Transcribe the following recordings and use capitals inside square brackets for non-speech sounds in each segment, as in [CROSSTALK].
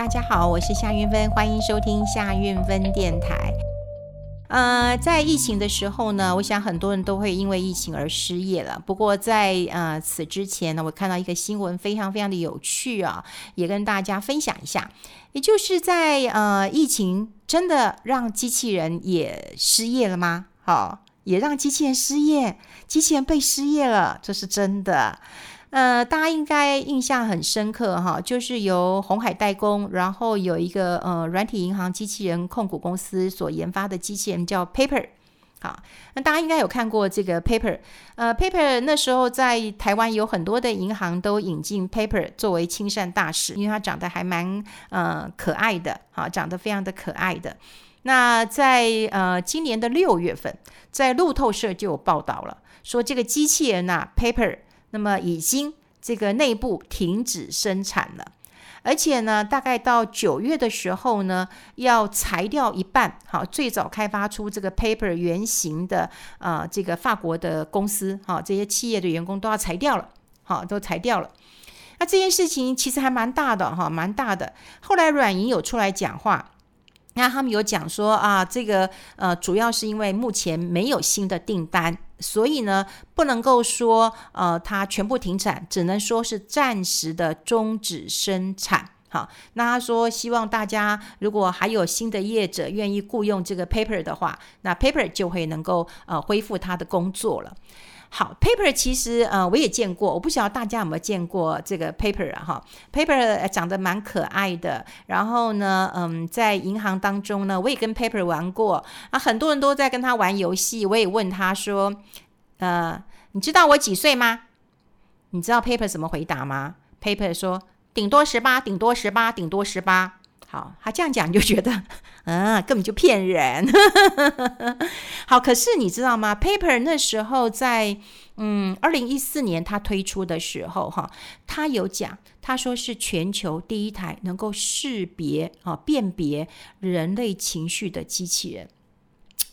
大家好，我是夏韻芬，歡迎收聽夏韻芬電台。呃，在疫情的時候呢，我想很多人都會因為疫情而失業了。不過在呃此之前呢，我看到一個新聞，非常非常的有趣啊，也跟大家分享一下。也就是在呃疫情真的讓機器人也失業了嗎？好、哦，也讓機器人失業，機器人被失業了，這是真的。呃，大家應該印象很深刻哈，就是由鴻海代工，然後有一個呃軟體銀行機器人控股公司所研發的機器人叫 Pepper，好，那大家應該有看過這個 Pepper，呃，Pepper 那時候在台灣有很多的銀行都引進 Pepper 作為親善大使，因為它長得還蠻呃可愛的，啊，長得非常的可愛的。那在呃今年的六月份，在路透社就有報道了，說這個機器人吶、啊、Pepper。那麼已經這個內部停止生產了，而且呢，大概到九月的時候呢，要裁掉一半。好，最早開發出這個 Pepper 原型的啊，這個法國的公司啊，這些企業的員工都要裁掉了，好，都裁掉了。那這件事情其實還蠻大的哈，蠻大的。後來軟銀有出來講話，那他們有講說啊，這個呃、啊，主要是因為目前沒有新的訂單。所以呢，不能夠說，呃，他全部停產，只能說是暫時的終止生產。好，那他說，希望大家如果還有新的業者願意僱傭這個 Pepper 的話，那 Pepper 就會能夠呃恢復他的工作了。好，Pepper 其實呃我也見過，我不曉得大家有沒有見過這個 Pepper、啊、哈，Pepper 長得蠻可愛的，然後呢，嗯，在銀行當中呢，我也跟 Pepper 玩過啊，很多人都在跟他玩遊戲，我也問他說，呃，你知道我幾歲嗎？你知道 Pepper 怎麼回答嗎？Pepper 說，頂多十八，頂多十八，頂多十八。好，他這樣講你就覺得，嗯、啊，根本就騙人。 [LAUGHS] 好，可是你知道嗎？Pepper 那時候在，嗯，二零一四年他推出的時候，哈，他有講，他說是全球第一台能夠識別啊辨別人類情緒的機器人。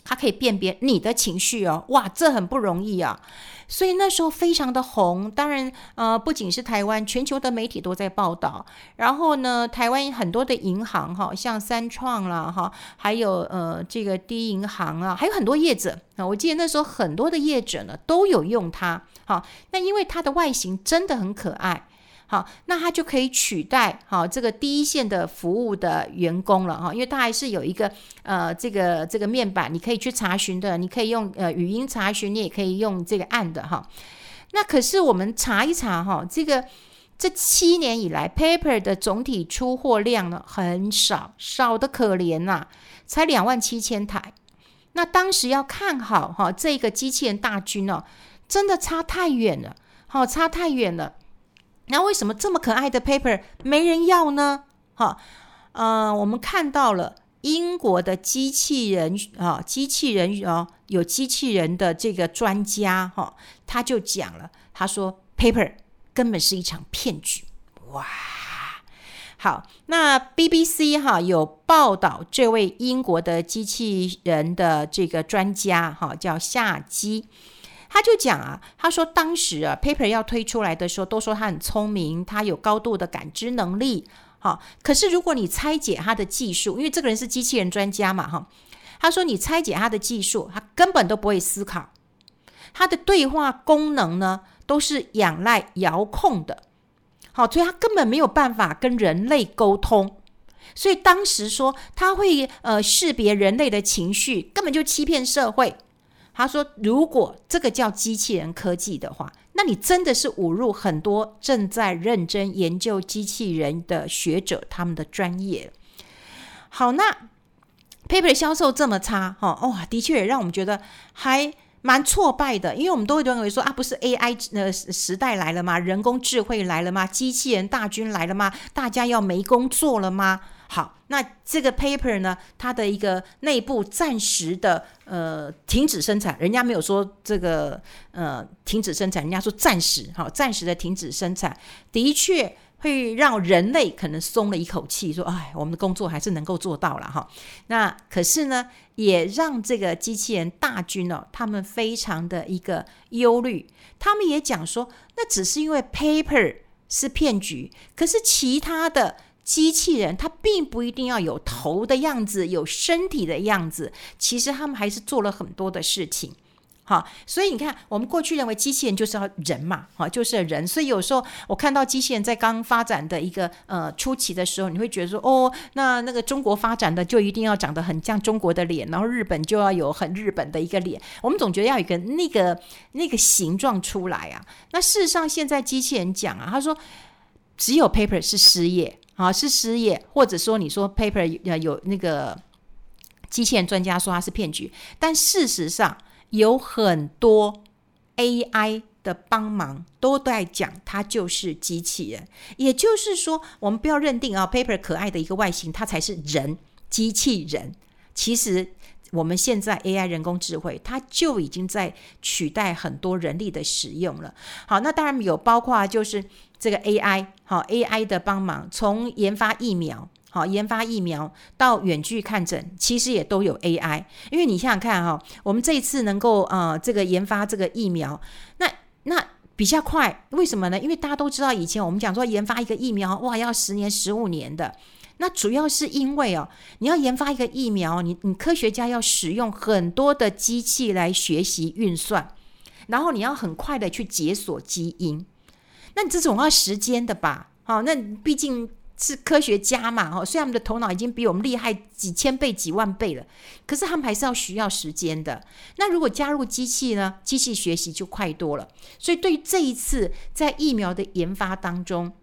它可以辨別你的情緒哦，哇，這很不容易啊，所以那時候非常的紅。當然，呃，不僅是台灣，全球的媒體都在報道。然後呢，台灣很多的銀行哈，像三創啦哈，還有呃這個第一銀行啊，還有很多業者啊，我記得那時候很多的業者呢都有用它。好，那因為它的外形真的很可愛。好，那它就可以取代哈這個第一線的服務的員工了哈，因為它還是有一個呃這個這個面板，你可以去查詢的，你可以用呃語音查詢，你也可以用這個按的哈。那可是我們查一查哈，這個這七年以來 Pepper 的總體出貨量呢，很少，少得可憐吶、啊，才兩萬七千台。那當時要看好哈這個機器人大軍哦，真的差太遠了，好，差太遠了。那為什麼這麼可愛的 Pepper 沒人要呢？哈、哦，呃，我們看到了英國的機器人啊、哦，機器人哦，有機器人的這個專家哈、哦，他就講了，他說 Pepper 根本是一場騙局。哇，好，那 BBC 哈、哦、有報道這位英國的機器人的這個專家哈、哦、叫夏基。他就講啊，他說當時啊，Pepper 要推出來的時候，都說他很聰明，他有高度的感知能力，好、哦，可是如果你拆解他的技術，因為這個人是機器人專家嘛，哈、哦，他說你拆解他的技術，他根本都不會思考，他的對話功能呢都是仰賴遙控的，好、哦，所以他根本沒有辦法跟人類溝通，所以當時說他會呃識別人類的情緒，根本就欺騙社會。他說：“如果這個叫機器人科技的話，那你真的是侮辱很多正在認真研究機器人的學者他們的專業。”好，那 Pepper 的銷售這麼差，哈、哦、哇，的確也讓我們覺得還蠻挫敗的，因為我們都會認為說啊，不是 AI 時代來了嗎？人工智慧來了嗎？機器人大軍來了嗎？大家要沒工作了嗎？好，那這個 Pepper 呢，它的一個內部暫時的呃停止生產，人家沒有說這個呃停止生產，人家說暫時，好、哦，暫時的停止生產，的確會讓人類可能鬆了一口氣，說，哎，我們的工作還是能夠做到了哈、哦。那可是呢，也讓這個機器人大軍呢、哦，他們非常的一個憂慮，他們也講說，那只是因為 Pepper 是騙局，可是其他的。機器人它並不一定要有頭的樣子，有身體的樣子，其實他們還是做了很多的事情，哈。所以你看，我們過去認為機器人就是要人嘛，哈，就是人。所以有時候我看到機器人在剛發展的一個呃初期的時候，你會覺得說，哦，那那個中國發展的就一定要長得很像中國的臉，然後日本就要有很日本的一個臉，我們總覺得要有一個那個那個形狀出來啊。那事實上，現在機器人講啊，他說只有 Pepper 是失業。啊，是失業，或者說你說 Pepper 有,有那個機器人專家說他是騙局，但事實上有很多 AI 的幫忙都在講他就是機器人。也就是說，我們不要認定啊、嗯、，Pepper 可愛的一個外形，它才是人，機器人。其實。我們現在 AI 人工智慧，它就已經在取代很多人力的使用了。好，那當然有包括就是這個 AI，好 AI 的幫忙，從研發疫苗，好研發疫苗到遠距看診，其實也都有 AI。因為你想想看，哈，我們這一次能夠啊、呃，這個研發這個疫苗，那那比較快，為什麼呢？因為大家都知道，以前我們講說研發一個疫苗，哇，要十年、十五年的。那主要是因為哦，你要研發一個疫苗，你你科學家要使用很多的機器來學習運算，然後你要很快的去解鎖基因，那你這種要時間的吧？好，那畢竟是科學家嘛，哈，雖然我們的頭腦已經比我們厲害幾千倍、幾萬倍了，可是他們還是要需要時間的。那如果加入機器呢？機器學習就快多了。所以對於這一次在疫苗的研發當中。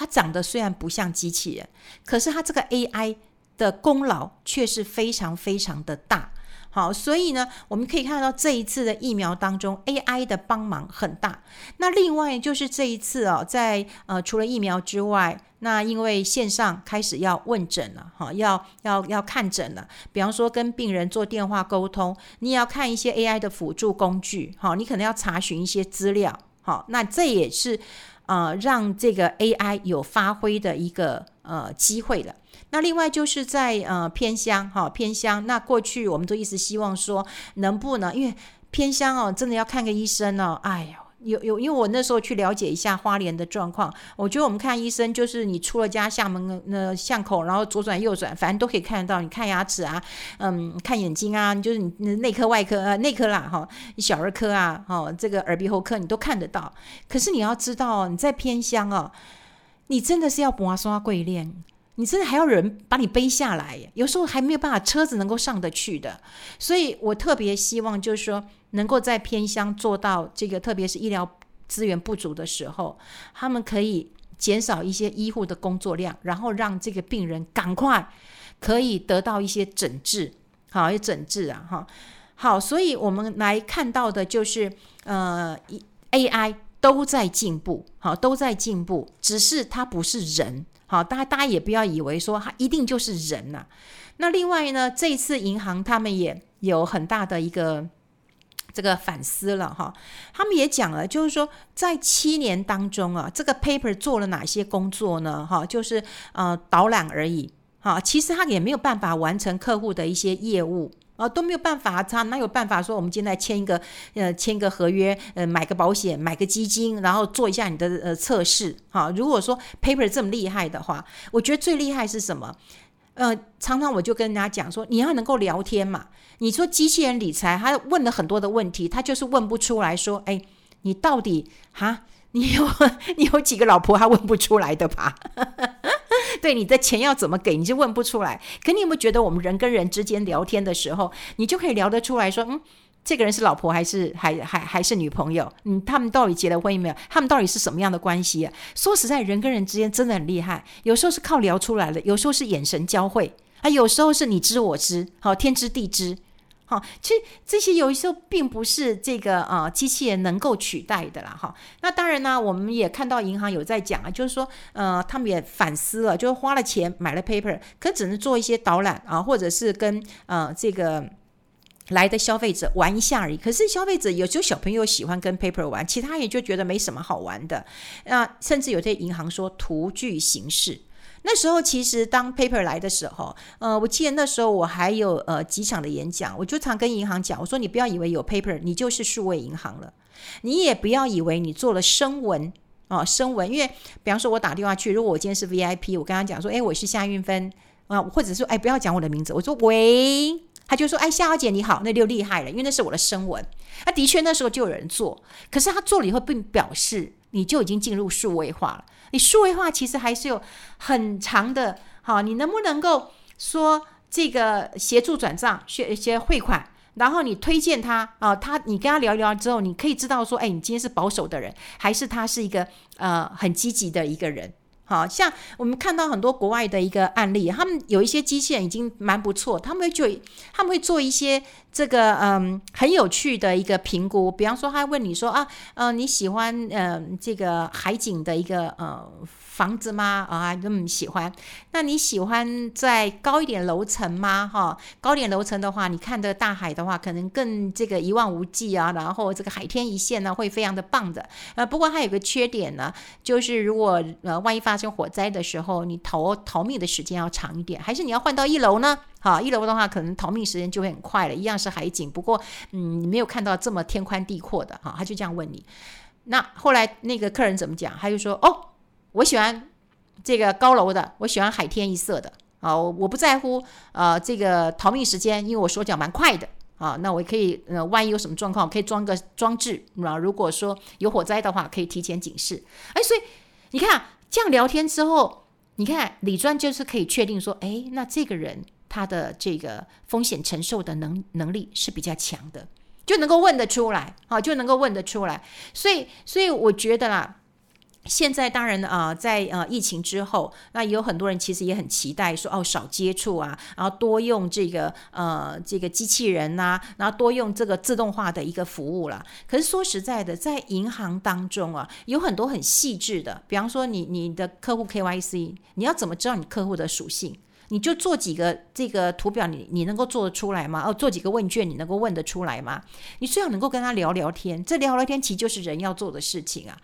它長得雖然不像機器人，可是它這個 AI 的功勞卻是非常非常的大。好，所以呢，我們可以看到這一次的疫苗當中，AI 的幫忙很大。那另外就是這一次哦，在呃除了疫苗之外，那因為線上開始要問診了哈，要要要看診了，比方說跟病人做電話溝通，你也要看一些 AI 的輔助工具哈，你可能要查詢一些資料好，那這也是。啊、呃，讓這個 AI 有發揮的一個呃機會了。那另外就是在呃偏鄉哈、哦、偏鄉，那過去我們都一直希望說能不能，因為偏鄉哦，真的要看個醫生呢、哦。哎喲有有，因為我那時候去了解一下花蓮的狀況，我覺得我們看醫生就是你出了家廈門的、呃、巷口，然後左轉右轉，反正都可以看得到。你看牙齒啊，嗯，看眼睛啊，就是你內科外科啊、呃，內科啦，哈、哦，你小兒科啊，哈、哦，這個耳鼻喉科你都看得到。可是你要知道、哦，你在偏鄉啊、哦，你真的是要磨刷貴鏈。你甚至還要人把你背下來，有時候還沒有辦法車子能夠上得去的，所以我特別希望就是說，能夠在偏鄉做到這個，特別是醫療資源不足的時候，他們可以減少一些醫護的工作量，然後讓這個病人趕快可以得到一些診治，好，有診治啊，哈，好，所以我們來看到的就是，呃，一 AI 都在進步，好，都在進步，只是它不是人。好，大家大家也不要以為說他一定就是人吶、啊。那另外呢，這一次銀行他們也有很大的一個這個反思了哈。他們也講了，就是說在七年當中啊，這個 Pepper 做了哪些工作呢？哈，就是呃導覽而已。哈，其實他也沒有辦法完成客戶的一些業務。啊，都沒有辦法，他哪有辦法說我們現在簽一個，呃，簽一個合約，呃，買個保險，買個基金，然後做一下你的呃測試，哈、啊。如果說 Pepper 這麼厲害的話，我覺得最厲害是什麼？呃，常常我就跟人家講說，你要能夠聊天嘛。你說機器人理財，他問了很多的問題，他就是問不出來說，哎，你到底哈？你有你有幾個老婆，還問不出來的吧？ [LAUGHS] 對，你的錢要怎麼給，你就問不出來。可你有沒有覺得，我們人跟人之間聊天的時候，你就可以聊得出來說，說嗯，這個人是老婆還是還還還是女朋友？嗯，他們到底結了婚有沒有？他們到底是什麼樣的關係啊？說實在，人跟人之間真的很厲害，有時候是靠聊出來的，有時候是眼神交匯，啊，有時候是你知我知，好天知地知。好，其實這些有時候並不是這個啊機器人能夠取代的啦。哈，那當然呢、啊，我們也看到銀行有在講啊，就是說，呃，他們也反思了，就是花了錢買了 Pepper，可只能做一些導覽啊，或者是跟呃這個來的消費者玩一下而已。可是消費者有時候小朋友喜歡跟 Pepper 玩，其他也就覺得沒什麼好玩的。那甚至有些銀行說徒具形式。那時候其實當 Pepper 來的時候，呃，我記得那時候我還有呃幾場的演講，我就常跟銀行講，我說你不要以為有 Pepper 你就是數位銀行了，你也不要以為你做了聲紋哦、呃、聲紋，因為比方說我打電話去，如果我今天是 VIP，我跟他講說，哎，我是夏韻芬啊、呃，或者說哎不要講我的名字，我說喂，他就說哎夏小姐你好，那就厲害了，因為那是我的聲紋，那、啊、的確那時候就有人做，可是他做了以後並表示。你就已經進入數位化了。你數位化其實還是有很長的，好，你能不能夠說這個協助轉賬，學一些匯款，然後你推薦他啊，他你跟他聊一聊之後，你可以知道說，哎，你今天是保守的人，還是他是一個呃很積極的一個人。好像我們看到很多國外的一個案例，他們有一些機器人已經蠻不錯，他們就，他們會做一些這個嗯很有趣的一個評估。比方說，他問你說啊，嗯、呃、你喜歡嗯、呃、這個海景的一個嗯、呃、房子嗎？啊，麼、嗯、喜歡？那你喜歡在高一點樓層嗎？哈、哦，高一點樓層的話，你看的大海的話，可能更這個一望無際啊，然後這個海天一線呢、啊，會非常的棒的。呃，不過它有個缺點呢，就是如果呃萬一發生發生火災的時候，你逃逃命的時間要長一點，還是你要換到一樓呢？好，一樓的話，可能逃命時間就會很快了。一樣是海景，不過嗯，你沒有看到這麼天寬地闊的。好，他就這樣問你。那後來那個客人怎麼講？他就說：“哦，我喜歡這個高樓的，我喜歡海天一色的。啊，我不在乎啊、呃。這個逃命時間，因為我手腳蠻快的。啊，那我可以、呃、萬一有什麼狀況，可以裝個裝置，那如果說有火災的話，可以提前警示。哎，所以你看。”這樣聊天之後，你看李專就是可以確定說，哎，那這個人他的這個風險承受的能能力是比較強的，就能夠問得出來，啊，就能夠問得出來，所以，所以我覺得啦。現在當然啊、呃，在呃疫情之後，那也有很多人其實也很期待說哦，少接觸啊，然後多用這個呃這個機器人吶、啊，然後多用這個自動化的一個服務啦。可是說實在的，在銀行當中啊，有很多很細緻的，比方說你你的客戶 KYC，你要怎麼知道你客戶的屬性？你就做幾個這個圖表你，你你能夠做得出來嗎？哦，做幾個問卷，你能夠問得出來嗎？你最好能夠跟他聊聊天，這聊聊天其實就是人要做的事情啊。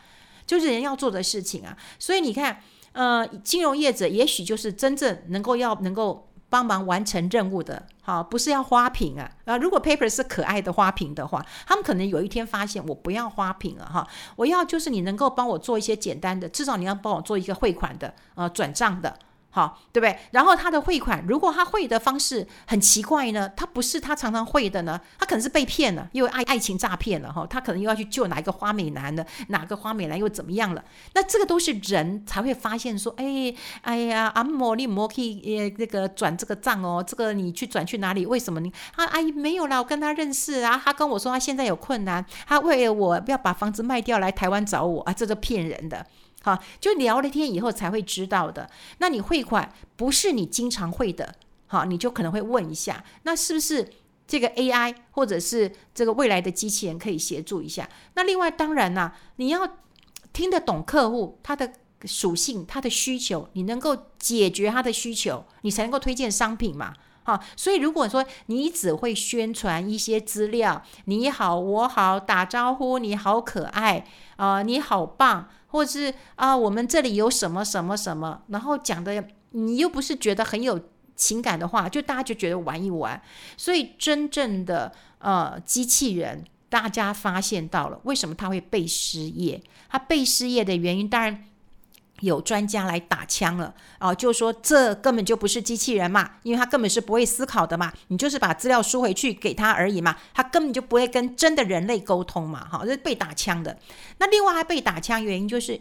就是人要做的事情啊，所以你看，呃，金融業者也許就是真正能夠要能夠幫忙完成任務的，好，不是要花瓶啊啊！如果 Pepper 是可愛的花瓶的話，他們可能有一天發現我不要花瓶了哈，我要就是你能夠幫我做一些簡單的，至少你要幫我做一個匯款的，呃，轉賬的。好，對不對？然後他的匯款，如果他匯的方式很奇怪呢，他不是他常常匯的呢，他可能是被騙了，因為愛愛情詐騙了哈。他可能又要去救哪一個花美男的，哪個花美男又怎麼樣了？那這個都是人才會發現說，哎哎呀，阿嬤你阿嬤你不可以那個轉這個賬哦，這個你去轉去哪裡？為什麼你啊阿姨、哎、沒有啦？我跟他認識啊，他跟我說他現在有困難，他為了我不要把房子賣掉來台灣找我啊，這個騙人的。好，就聊了一天以後才會知道的。那你匯款不是你經常匯的，好，你就可能會問一下，那是不是這個 AI 或者是這個未來的機器人，可以協助一下？那另外當然啦、啊，你要聽得懂客戶他的屬性、他的需求，你能夠解決他的需求，你才能夠推薦商品嘛。好、啊，所以如果說你只會宣傳一些資料，你好我好打招呼，你好可愛啊、呃，你好棒，或者是啊，我們這裡有什麼什麼什麼，然後講的，你又不是覺得很有情感的話，就大家就覺得玩一玩。所以真正的呃機器人，大家發現到了，為什麼它會被失業？它被失業的原因，當然。有專家來打槍了啊，就說這根本就不是機器人嘛，因為他根本是不會思考的嘛，你就是把資料輸回去給他而已嘛，他根本就不會跟真的人類溝通嘛，哈，這是被打槍的。那另外還被打槍原因就是，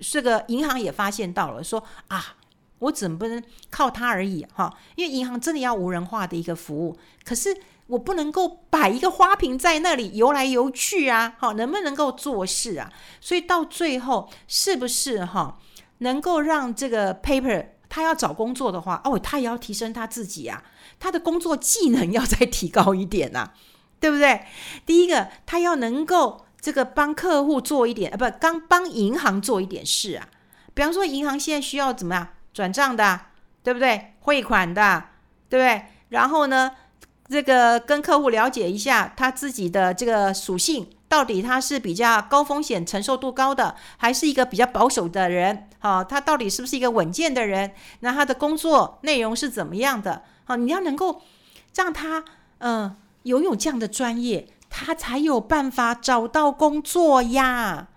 是，這個銀行也發現到了，說啊，我怎麼不能靠他而已哈、啊？因為銀行真的要無人化的一個服務，可是。我不能夠擺一個花瓶在那裡游來游去啊。好，能不能夠做事啊？所以到最後是不是哈，能夠讓這個 Pepper 他要找工作的話，哦，他也要提升他自己啊，他的工作技能要再提高一點啊，對不對？第一個，他要能夠這個幫客戶做一點啊，不，剛幫銀行做一點事啊。比方說，銀行現在需要怎麼樣轉賬的，對不對？匯款的，對不對？然後呢，這個跟客戶了解一下，他自己的這個屬性到底，他是比較高風險承受度高的，還是一個比較保守的人？好，他到底是不是一個穩健的人？那他的工作內容是怎麼樣的？好，你要能夠讓他嗯、呃、擁有、有這樣的專業，他才有辦法找到工作呀。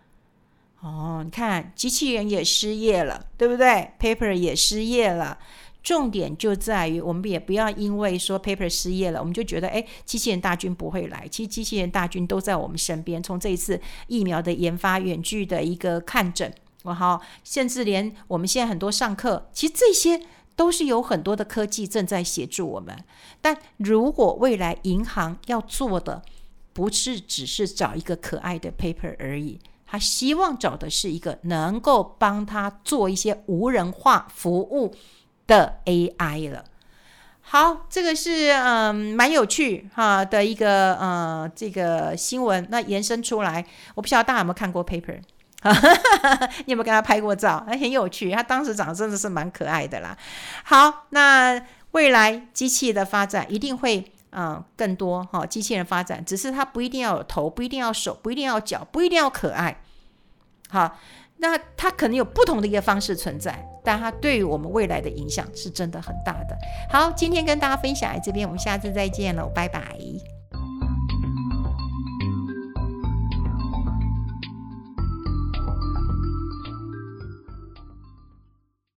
哦，你看機器人也失業了，對不對？Pepper 也失業了。重點就在於，我們也不要因為說 Pepper 失業了，我們就覺得哎，機器人大軍不會來。其實機器人大軍都在我們身邊。從這一次疫苗的研發、遠距的一個看診，然後，甚至連我們現在很多上課，其實這些都是有很多的科技正在協助我們。但如果未來銀行要做的，不是只是找一個可愛的 Pepper 而已，他希望找的是一個能夠幫他做一些無人化服務。的 AI 了，好，這個是嗯蠻有趣哈的一個呃這個新聞，那延伸出來，我不知道大家有沒有看過 Pepper。 [LAUGHS] 你有沒有跟他拍過照？哎，很有趣，他當時長得真的是蠻可愛的啦。好，那未來機器的發展一定會嗯、呃、更多哈，機器人發展，只是它不一定要有頭，不一定要手，不一定要腳，不一定要可愛，好。那它可能有不同的一個方式存在，但它對於我們未來的影響是真的很大的。好，今天跟大家分享來這邊，我們下次再見嘍，拜拜。